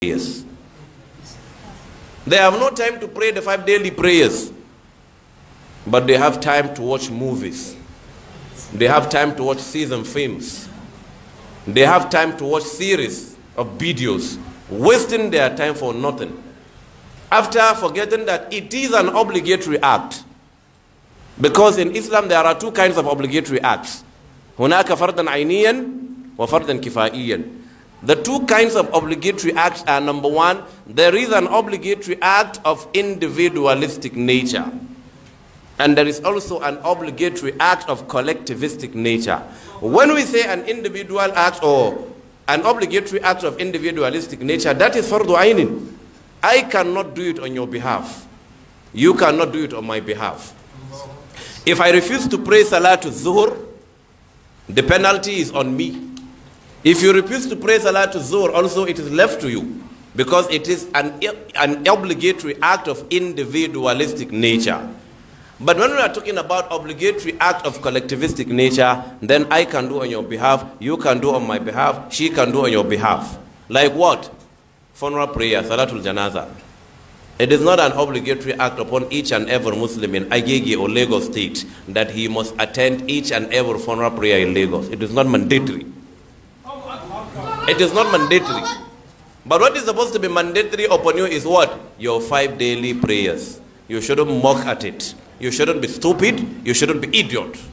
prayers. They have no time to pray the five daily prayers, but they have time to watch movies. They have time to watch season films. They have time to watch series of videos, wasting their time for nothing. After forgetting that it is an obligatory act, because in Islam there are two kinds of obligatory acts. هناك فرضا عينيا وفرضا كفائيا the two kinds of obligatory acts are number one, there is an obligatory act of individualistic nature. And there is also an obligatory act of collectivistic nature. When we say an individual act or an obligatory act of individualistic nature, that is fardu ainin. I cannot do it on your behalf. You cannot do it on my behalf. If I refuse to pray Salatul Zuhur, the penalty is on me. If you refuse to pray Salatul Zuhr, also it is left to you because it is an, an obligatory act of individualistic nature. But when we are talking about obligatory act of collectivistic nature, then I can do on your behalf, you can do on my behalf, she can do on your behalf. Like what? Funeral prayer, Salatul Janaza. It is not an obligatory act upon each and every Muslim in Agege or Lagos state that he must attend each and every funeral prayer in Lagos. It is not mandatory. It is not mandatory. But what is supposed to be mandatory upon you is what? Your five daily prayers. You shouldn't mock at it. You shouldn't be stupid. You shouldn't be idiot.